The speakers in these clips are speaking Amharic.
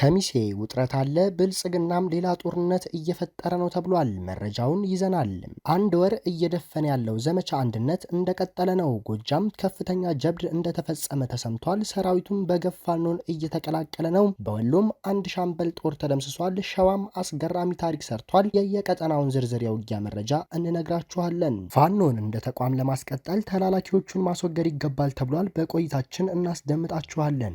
ከሚሴ ውጥረት አለ። ብልጽግናም ሌላ ጦርነት እየፈጠረ ነው ተብሏል። መረጃውን ይዘናል። አንድ ወር እየደፈነ ያለው ዘመቻ አንድነት እንደቀጠለ ነው። ጎጃም ከፍተኛ ጀብድ እንደተፈጸመ ተሰምቷል። ሰራዊቱም በገፋኖን እየተቀላቀለ ነው። በወሎም አንድ ሻምበል ጦር ተደምስሷል። ሸዋም አስገራሚ ታሪክ ሰርቷል። የየቀጠናውን ዝርዝር የውጊያ መረጃ እንነግራችኋለን። ፋኖን እንደ ተቋም ለማስቀጠል ተላላኪዎቹን ማስወገድ ይገባል ተብሏል። በቆይታችን እናስደምጣችኋለን።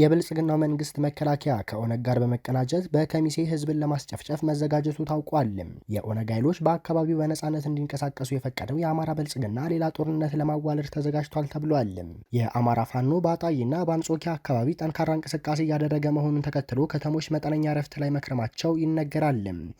የብልጽግናው መንግስት መከላከያ ከኦነግ ጋር በመቀናጀት በከሚሴ ህዝብን ለማስጨፍጨፍ መዘጋጀቱ ታውቋል። የኦነግ ኃይሎች በአካባቢው በነጻነት እንዲንቀሳቀሱ የፈቀደው የአማራ ብልጽግና ሌላ ጦርነት ለማዋለድ ተዘጋጅቷል ተብሏል። የአማራ ፋኖ በአጣይና በአንጾኪያ አካባቢ ጠንካራ እንቅስቃሴ እያደረገ መሆኑን ተከትሎ ከተሞች መጠነኛ እረፍት ላይ መክረማቸው ይነገራል።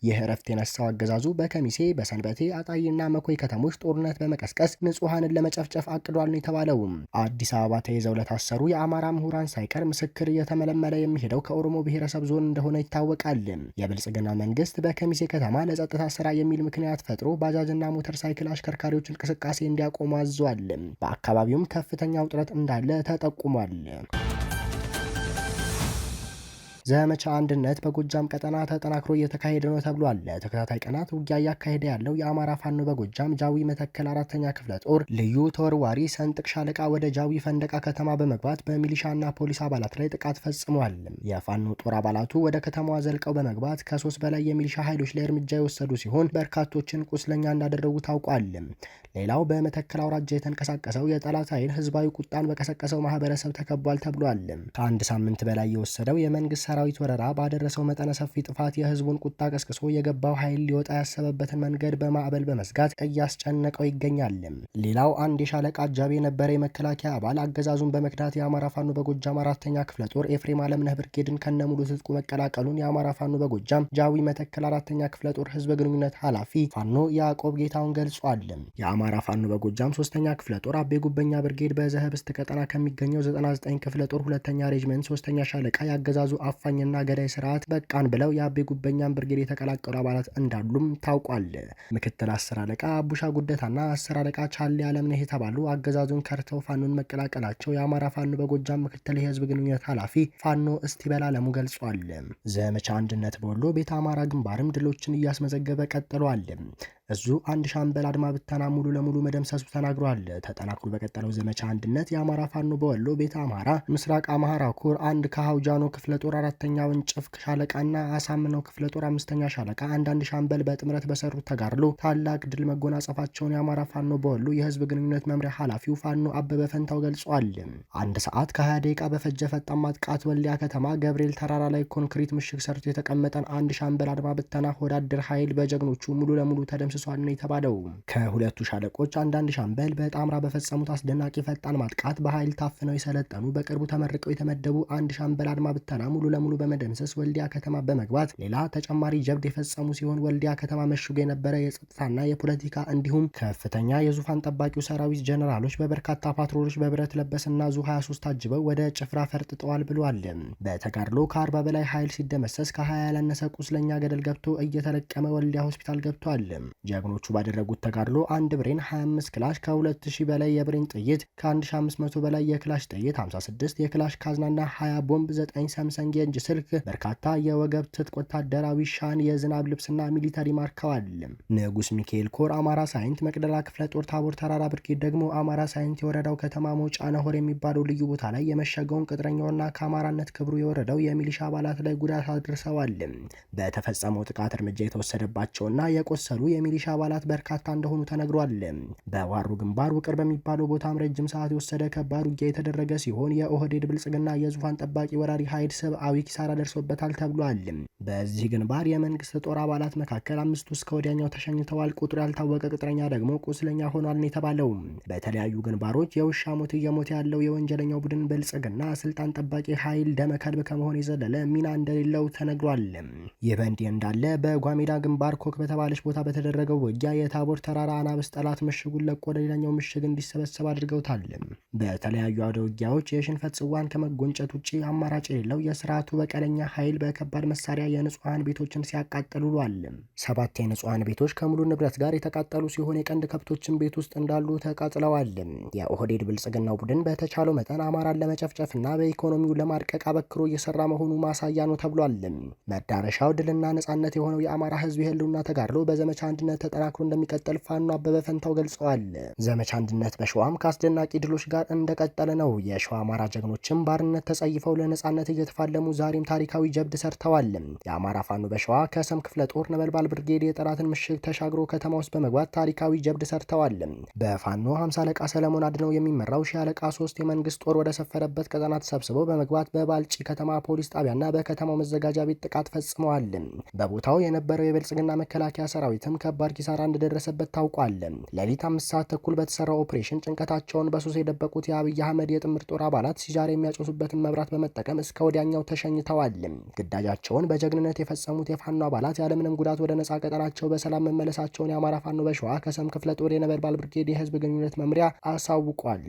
ይህ እረፍት የነሳው አገዛዙ በከሚሴ በሰንበቴ አጣይና መኮይ ከተሞች ጦርነት በመቀስቀስ ንጹሐንን ለመጨፍጨፍ አቅዷል ነው የተባለው። አዲስ አበባ ተይዘው ለታሰሩ የአማራ ምሁራን ሳይቀር ምስክር እየተመለመለ የሚሄደው ከኦሮሞ ብሔረሰብ ዞን እንደሆነ ይታወቃል። የብልጽግና መንግስት በከሚሴ ከተማ ለጸጥታ ስራ የሚል ምክንያት ፈጥሮ ባጃጅና ሞተር ሳይክል አሽከርካሪዎች እንቅስቃሴ እንዲያቆሙ አዟል። በአካባቢውም ከፍተኛ ውጥረት እንዳለ ተጠቁሟል። ዘመቻ አንድነት በጎጃም ቀጠና ተጠናክሮ እየተካሄደ ነው ተብሏል። ለተከታታይ ቀናት ውጊያ እያካሄደ ያለው የአማራ ፋኖ በጎጃም ጃዊ መተከል አራተኛ ክፍለ ጦር ልዩ ተወርዋሪ ሰንጥቅ ሻለቃ ወደ ጃዊ ፈንደቃ ከተማ በመግባት በሚሊሻና ፖሊስ አባላት ላይ ጥቃት ፈጽሟል። የፋኖ ጦር አባላቱ ወደ ከተማዋ ዘልቀው በመግባት ከሶስት በላይ የሚሊሻ ኃይሎች ላይ እርምጃ የወሰዱ ሲሆን በርካቶችን ቁስለኛ እንዳደረጉ ታውቋል። ሌላው በመተከል አውራጃ የተንቀሳቀሰው የጠላት ኃይል ህዝባዊ ቁጣን በቀሰቀሰው ማህበረሰብ ተከቧል ተብሏል። ከአንድ ሳምንት በላይ የወሰደው የመንግስት ሰራዊት ወረራ ባደረሰው መጠነ ሰፊ ጥፋት የህዝቡን ቁጣ ቀስቅሶ የገባው ኃይል ሊወጣ ያሰበበትን መንገድ በማዕበል በመዝጋት እያስጨነቀው ይገኛል። ሌላው አንድ የሻለቃ አጃቢ የነበረ የመከላከያ አባል አገዛዙን በመክዳት የአማራ ፋኖ በጎጃም አራተኛ ክፍለ ጦር ኤፍሬም አለምነህ ብርጌድን ከነሙሉ ትጥቁ መቀላቀሉን የአማራ ፋኖ በጎጃም ጃዊ መተከል አራተኛ ክፍለ ጦር ህዝብ ግንኙነት ኃላፊ ፋኖ ያዕቆብ ጌታውን ገልጿል። የአማራ ፋኖ በጎጃም ሶስተኛ ክፍለ ጦር አቤ ጉበኛ ብርጌድ በዘህብስት ቀጠና ከሚገኘው 99 ክፍለ ጦር ሁለተኛ ሬጅመንት ሶስተኛ ሻለቃ ያገዛዙ አፍ አፋኝና ገዳይ ስርዓት በቃን ብለው የአቤ ጉበኛን ብርጌድ የተቀላቀሉ አባላት እንዳሉም ታውቋል። ምክትል አስር አለቃ ቡሻ ጉደታና አስር አለቃ ቻሌ አለምነህ የተባሉ አገዛዙን ከርተው ፋኖን መቀላቀላቸው የአማራ ፋኖ በጎጃም ምክትል የህዝብ ግንኙነት ኃላፊ ፋኖ እስቲበላ አለሙ ገልጿል። ዘመቻ አንድነት በወሎ ቤተ አማራ ግንባርም ድሎችን እያስመዘገበ ቀጥሏል። እዙ አንድ ሻምበል አድማ ብተና ሙሉ ለሙሉ መደምሰሱ ተናግሯል። ተጠናክሮ በቀጠለው ዘመቻ አንድነት የአማራ ፋኖ በወሎ ቤተ አማራ ምስራቅ አማራ ኮር አንድ ከሀውጃኖ ክፍለ ጦር አራተኛ ወንጭፍ ሻለቃና አሳምነው ክፍለ ጦር አምስተኛ ሻለቃ አንዳንድ ሻምበል በጥምረት በሰሩት ተጋድሎ ታላቅ ድል መጎናጸፋቸውን የአማራ ፋኖ በወሎ የህዝብ ግንኙነት መምሪያ ኃላፊው ፋኖ አበበ ፈንታው ገልጿል። አንድ ሰዓት ከ20 ደቂቃ በፈጀ ፈጣን ማጥቃት ወልዲያ ከተማ ገብርኤል ተራራ ላይ ኮንክሪት ምሽግ ሰርቶ የተቀመጠን አንድ ሻምበል አድማ ብተና ሆዳደር ኃይል በጀግኖቹ ሙሉ ለሙሉ ተደምስ ደርሷል ነው የተባለው። ከሁለቱ ሻለቆች አንዳንድ ሻምበል በጣምራ በፈጸሙት አስደናቂ ፈጣን ማጥቃት በኃይል ታፍነው የሰለጠኑ በቅርቡ ተመርቀው የተመደቡ አንድ ሻምበል አድማ ብተና ሙሉ ለሙሉ በመደምሰስ ወልዲያ ከተማ በመግባት ሌላ ተጨማሪ ጀብድ የፈጸሙ ሲሆን ወልዲያ ከተማ መሽጎ የነበረ የጸጥታና የፖለቲካ እንዲሁም ከፍተኛ የዙፋን ጠባቂው ሰራዊት ጀነራሎች በበርካታ ፓትሮሎች በብረት ለበስና ዙ 23 ታጅበው ወደ ጭፍራ ፈርጥጠዋል ብሏል። በተጋድሎ ከአርባ በላይ ኃይል ሲደመሰስ ከሀያ ያላነሰ ቁስለኛ ገደል ገብቶ እየተለቀመ ወልዲያ ሆስፒታል ገብቷል። ጀግኖቹ ባደረጉት ተጋድሎ አንድ ብሬን 25 ክላሽ ከ2000 በላይ የብሬን ጥይት ከ1500 በላይ የክላሽ ጥይት 56 የክላሽ ካዝናና 20 ቦምብ 9 ሳምሰንግ የእጅ ስልክ በርካታ የወገብ ትጥቅ ወታደራዊ ሻን የዝናብ ልብስና ሚሊተሪ ማርከዋል። ንጉስ ሚካኤል ኮር አማራ ሳይንት መቅደላ ክፍለ ጦር ታቦር ተራራ ብርጌድ ደግሞ አማራ ሳይንት የወረዳው ከተማ መውጫ ነሆር የሚባለው ልዩ ቦታ ላይ የመሸገውን ቅጥረኛውና ከአማራነት ክብሩ የወረደው የሚሊሻ አባላት ላይ ጉዳት አድርሰዋል። በተፈጸመው ጥቃት እርምጃ የተወሰደባቸውና የቆሰሉ የሚ የሚሊሻ አባላት በርካታ እንደሆኑ ተነግሯል። በዋሩ ግንባር ውቅር በሚባለው ቦታም ረጅም ሰዓት የወሰደ ከባድ ውጊያ የተደረገ ሲሆን የኦህዴድ ብልጽግና የዙፋን ጠባቂ ወራሪ ኃይል ሰብአዊ ኪሳራ ደርሶበታል ተብሏል። በዚህ ግንባር የመንግስት ጦር አባላት መካከል አምስቱ እስከ ወዲያኛው ተሸኝተዋል። ቁጥሩ ያልታወቀ ቅጥረኛ ደግሞ ቁስለኛ ሆኗል ነው የተባለው። በተለያዩ ግንባሮች የውሻ ሞት እየሞት ያለው የወንጀለኛው ቡድን ብልጽግና ስልጣን ጠባቂ ኃይል ደመከልብ ከመሆን የዘለለ ሚና እንደሌለው ተነግሯል። ይህ በእንዲህ እንዳለ በጓሜዳ ግንባር ኮክ በተባለች ቦታ በተደረገ በተደረገው ውጊያ የታቦር ተራራ አናብስ ጠላት ምሽጉን ለቆ ወደ ሌላኛው ምሽግ እንዲሰበሰብ አድርገውታል። በተለያዩ አውደ ውጊያዎች የሽንፈት ጽዋን ከመጎንጨት ውጭ አማራጭ የሌለው የስርዓቱ በቀለኛ ኃይል በከባድ መሳሪያ የንጹሐን ቤቶችን ሲያቃጠሉ ውሏል። ሰባት የንጹሐን ቤቶች ከሙሉ ንብረት ጋር የተቃጠሉ ሲሆን የቀንድ ከብቶችን ቤት ውስጥ እንዳሉ ተቃጥለዋል። የኦህዴድ ብልጽግናው ቡድን በተቻለው መጠን አማራን ለመጨፍጨፍና በኢኮኖሚው ለማድቀቅ አበክሮ እየሰራ መሆኑ ማሳያ ነው ተብሏል። መዳረሻው ድልና ነጻነት የሆነው የአማራ ህዝብ የህልውና ተጋድሎ በዘመቻ አንድነት አንድነት ተጠናክሮ እንደሚቀጥል ፋኖ አበበ ፈንታው ገልጸዋል። ዘመቻ አንድነት በሸዋም ከአስደናቂ ድሎች ጋር እንደቀጠለ ነው። የሸዋ አማራ ጀግኖችም ባርነት ተጸይፈው ለነጻነት እየተፋለሙ ዛሬም ታሪካዊ ጀብድ ሰርተዋል። የአማራ ፋኖ በሸዋ ከሰም ክፍለ ጦር ነበልባል ብርጌድ የጠላትን ምሽግ ተሻግሮ ከተማ ውስጥ በመግባት ታሪካዊ ጀብድ ሰርተዋል። በፋኖ 50 አለቃ ሰለሞን አድነው የሚመራው ሺ አለቃ ሶስት የመንግስት ጦር ወደ ሰፈረበት ቀጠና ተሰብስበው በመግባት በባልጪ ከተማ ፖሊስ ጣቢያና በከተማው መዘጋጃ ቤት ጥቃት ፈጽመዋል። በቦታው የነበረው የብልጽግና መከላከያ ሰራዊትም ከባድ ከባድ ኪሳራ እንደደረሰበት ታውቋል። ሌሊት አምስት ሰዓት ተኩል በተሰራው ኦፕሬሽን ጭንቀታቸውን በሱስ የደበቁት የአብይ አህመድ የጥምር ጦር አባላት ሲጃር የሚያጨሱበትን መብራት በመጠቀም እስከ ወዲያኛው ተሸኝተዋል። ግዳጃቸውን በጀግንነት የፈጸሙት የፋኖ አባላት ያለምንም ጉዳት ወደ ነጻ ቀጠናቸው በሰላም መመለሳቸውን የአማራ ፋኖ በሸዋ ከሰም ክፍለ ጦር የነበልባል ብርጌድ የህዝብ ግንኙነት መምሪያ አሳውቋል።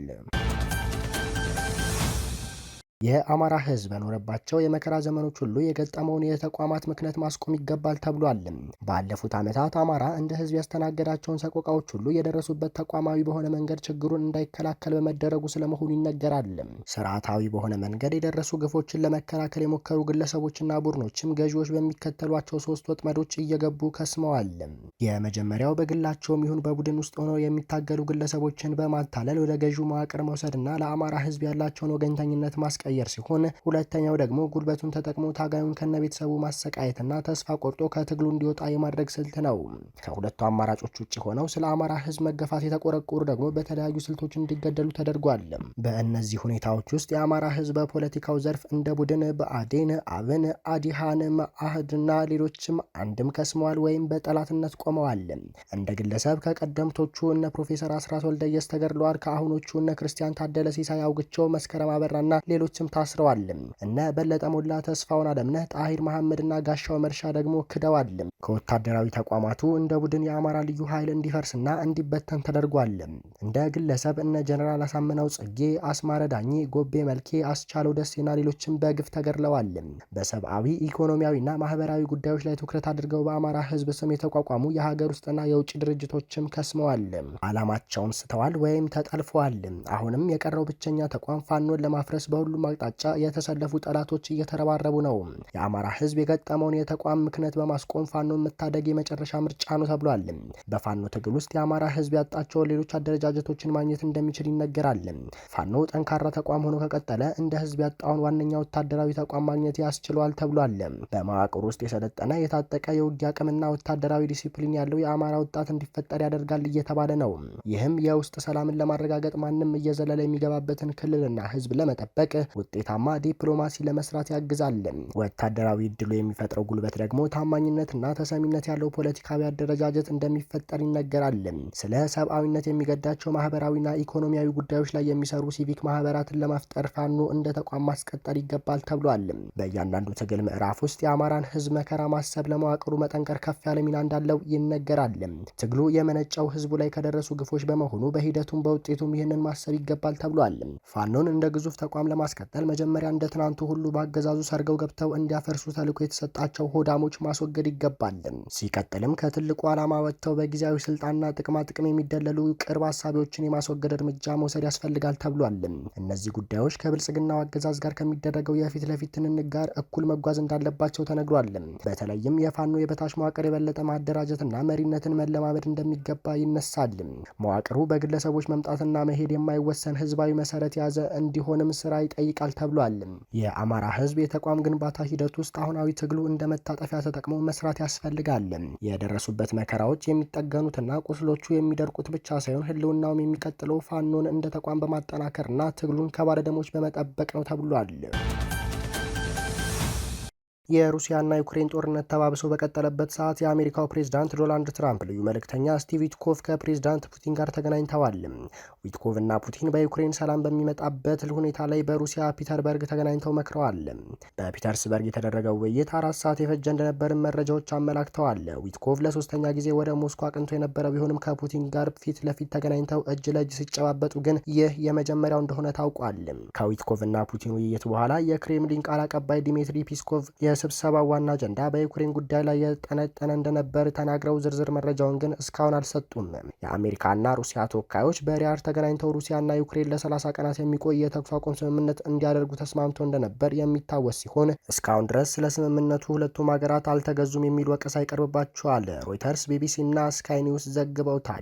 የአማራ ህዝብ በኖረባቸው የመከራ ዘመኖች ሁሉ የገጠመውን የተቋማት ምክንያት ማስቆም ይገባል ተብሏል። ባለፉት ዓመታት አማራ እንደ ህዝብ ያስተናገዳቸውን ሰቆቃዎች ሁሉ የደረሱበት ተቋማዊ በሆነ መንገድ ችግሩን እንዳይከላከል በመደረጉ ስለመሆኑ ይነገራል። ስርዓታዊ በሆነ መንገድ የደረሱ ግፎችን ለመከላከል የሞከሩ ግለሰቦችና ቡድኖችም ገዢዎች በሚከተሏቸው ሶስት ወጥመዶች እየገቡ ከስመዋል። የመጀመሪያው በግላቸውም ይሁን በቡድን ውስጥ ሆነው የሚታገሉ ግለሰቦችን በማታለል ወደ ገዢው መዋቅር መውሰድና ለአማራ ህዝብ ያላቸውን ወገኝተኝነት ማስቀ ማስቀየር ሲሆን ሁለተኛው ደግሞ ጉልበቱን ተጠቅሞ ታጋዩን ከነ ቤተሰቡ ማሰቃየትና ተስፋ ቆርጦ ከትግሉ እንዲወጣ የማድረግ ስልት ነው። ከሁለቱ አማራጮች ውጭ ሆነው ስለ አማራ ህዝብ መገፋት የተቆረቆሩ ደግሞ በተለያዩ ስልቶች እንዲገደሉ ተደርጓል። በእነዚህ ሁኔታዎች ውስጥ የአማራ ህዝብ በፖለቲካው ዘርፍ እንደ ቡድን በአዴን፣ አብን፣ አዲሃን፣ መአህድና ሌሎችም አንድም ከስመዋል ወይም በጠላትነት ቆመዋል። እንደ ግለሰብ ከቀደምቶቹ እነ ፕሮፌሰር አስራት ወልደየስ ተገድለዋል። ከአሁኖቹ እነ ክርስቲያን ታደለ ሲሳይ፣ አውግቸው መስከረም አበራና ሌሎች ተጫዋቾችም ታስረዋል። እነ በለጠ ሞላ፣ ተስፋውን አለምነህ፣ ጣሂር መሐመድና ጋሻው መርሻ ደግሞ ክደዋል። ከወታደራዊ ተቋማቱ እንደ ቡድን የአማራ ልዩ ኃይል እንዲፈርስና እንዲበተን ተደርጓል። እንደ ግለሰብ እነ ጀነራል አሳምነው ጽጌ፣ አስማረ ዳኜ፣ ጎቤ መልኬ፣ አስቻለው ደሴና ሌሎችም በግፍ ተገድለዋል። በሰብአዊ ኢኮኖሚያዊና ማህበራዊ ጉዳዮች ላይ ትኩረት አድርገው በአማራ ህዝብ ስም የተቋቋሙ የሀገር ውስጥና የውጭ ድርጅቶችም ከስመዋል። አላማቸውን ስተዋል ወይም ተጠልፈዋል። አሁንም የቀረው ብቸኛ ተቋም ፋኖን ለማፍረስ በሁሉም በሁሉም አቅጣጫ የተሰለፉ ጠላቶች እየተረባረቡ ነው። የአማራ ህዝብ የገጠመውን የተቋም ምክንያት በማስቆም ፋኖ መታደግ የመጨረሻ ምርጫ ነው ተብሏል። በፋኖ ትግል ውስጥ የአማራ ህዝብ ያጣቸውን ሌሎች አደረጃጀቶችን ማግኘት እንደሚችል ይነገራል። ፋኖ ጠንካራ ተቋም ሆኖ ከቀጠለ እንደ ህዝብ ያጣውን ዋነኛ ወታደራዊ ተቋም ማግኘት ያስችለዋል ተብሏል። በመዋቅር ውስጥ የሰለጠነ የታጠቀ የውጊያ አቅምና ወታደራዊ ዲሲፕሊን ያለው የአማራ ወጣት እንዲፈጠር ያደርጋል እየተባለ ነው። ይህም የውስጥ ሰላምን ለማረጋገጥ ማንም እየዘለለ የሚገባበትን ክልልና ህዝብ ለመጠበቅ ውጤታማ ዲፕሎማሲ ለመስራት ያግዛል። ወታደራዊ እድሉ የሚፈጥረው ጉልበት ደግሞ ታማኝነትና ተሰሚነት ያለው ፖለቲካዊ አደረጃጀት እንደሚፈጠር ይነገራል። ስለ ሰብአዊነት የሚገዳቸው ማህበራዊና ኢኮኖሚያዊ ጉዳዮች ላይ የሚሰሩ ሲቪክ ማህበራትን ለመፍጠር ፋኖ እንደ ተቋም ማስቀጠል ይገባል ተብሏል። በእያንዳንዱ ትግል ምዕራፍ ውስጥ የአማራን ህዝብ መከራ ማሰብ ለመዋቅሩ መጠንቀር ከፍ ያለ ሚና እንዳለው ይነገራል። ትግሉ የመነጨው ህዝቡ ላይ ከደረሱ ግፎች በመሆኑ በሂደቱም በውጤቱም ይህንን ማሰብ ይገባል ተብሏል። ፋኖን እንደ ግዙፍ ተቋም ለማስቀ በመቀጠል መጀመሪያ እንደ ትናንቱ ሁሉ በአገዛዙ ሰርገው ገብተው እንዲያፈርሱ ተልዕኮ የተሰጣቸው ሆዳሞች ማስወገድ ይገባል ሲቀጥልም ከትልቁ ዓላማ ወጥተው በጊዜያዊ ስልጣንና ጥቅማ ጥቅም የሚደለሉ ቅርብ ሀሳቢዎችን የማስወገድ እርምጃ መውሰድ ያስፈልጋል ተብሏል እነዚህ ጉዳዮች ከብልጽግናው አገዛዝ ጋር ከሚደረገው የፊት ለፊት ትንንግ ጋር እኩል መጓዝ እንዳለባቸው ተነግሯል። በተለይም የፋኖ የበታች መዋቅር የበለጠ ማደራጀትና መሪነትን መለማመድ እንደሚገባ ይነሳል። መዋቅሩ በግለሰቦች መምጣትና መሄድ የማይወሰን ህዝባዊ መሰረት የያዘ እንዲሆንም ስራ ይጠይቃል ይጠይቃል ተብሏል። የአማራ ህዝብ የተቋም ግንባታ ሂደት ውስጥ አሁናዊ ትግሉ እንደ መታጠፊያ ተጠቅሞ መስራት ያስፈልጋል። የደረሱበት መከራዎች የሚጠገኑትና ቁስሎቹ የሚደርቁት ብቻ ሳይሆን ህልውናውም የሚቀጥለው ፋኖን እንደ ተቋም በማጠናከርና ትግሉን ከባለደሞች በመጠበቅ ነው ተብሏል። የሩሲያና ዩክሬን ጦርነት ተባብሶ በቀጠለበት ሰዓት የአሜሪካው ፕሬዝዳንት ዶናልድ ትራምፕ ልዩ መልእክተኛ ስቲቭ ዊትኮቭ ከፕሬዝዳንት ፑቲን ጋር ተገናኝተዋል። ዊትኮቭ እና ፑቲን በዩክሬን ሰላም በሚመጣበት ሁኔታ ላይ በሩሲያ ፒተርበርግ ተገናኝተው መክረዋል። በፒተርስበርግ የተደረገው ውይይት አራት ሰዓት የፈጀ እንደነበርም መረጃዎች አመላክተዋል። ዊትኮቭ ለሶስተኛ ጊዜ ወደ ሞስኮ አቅንቶ የነበረ ቢሆንም ከፑቲን ጋር ፊት ለፊት ተገናኝተው እጅ ለእጅ ሲጨባበጡ ግን ይህ የመጀመሪያው እንደሆነ ታውቋል። ከዊትኮቭ እና ፑቲን ውይይት በኋላ የክሬምሊን ቃል አቀባይ ዲሚትሪ ፒስኮቭ የስብሰባው ዋና አጀንዳ በዩክሬን ጉዳይ ላይ የጠነጠነ እንደነበር ተናግረው ዝርዝር መረጃውን ግን እስካሁን አልሰጡም። የአሜሪካና ሩሲያ ተወካዮች በሪያድ ተገናኝተው ሩሲያና ዩክሬን ለ30 ቀናት የሚቆይ የተኩስ አቁም ስምምነት እንዲያደርጉ ተስማምቶ እንደነበር የሚታወስ ሲሆን እስካሁን ድረስ ስለ ስምምነቱ ሁለቱም ሀገራት አልተገዙም የሚል ወቀሳ ይቀርብባቸዋል። ሮይተርስ፣ ቢቢሲ እና ስካይ ኒውስ ዘግበውታል።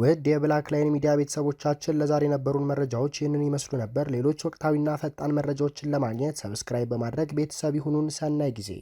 ውድ የብላክ ላይን ሚዲያ ቤተሰቦቻችን ለዛሬ የነበሩን መረጃዎች ይህንን ይመስሉ ነበር። ሌሎች ወቅታዊና ፈጣን መረጃዎችን ለማግኘት ሰብስክራይብ በማድረግ ቤተሰብ ይሁኑን። ሰናይ ጊዜ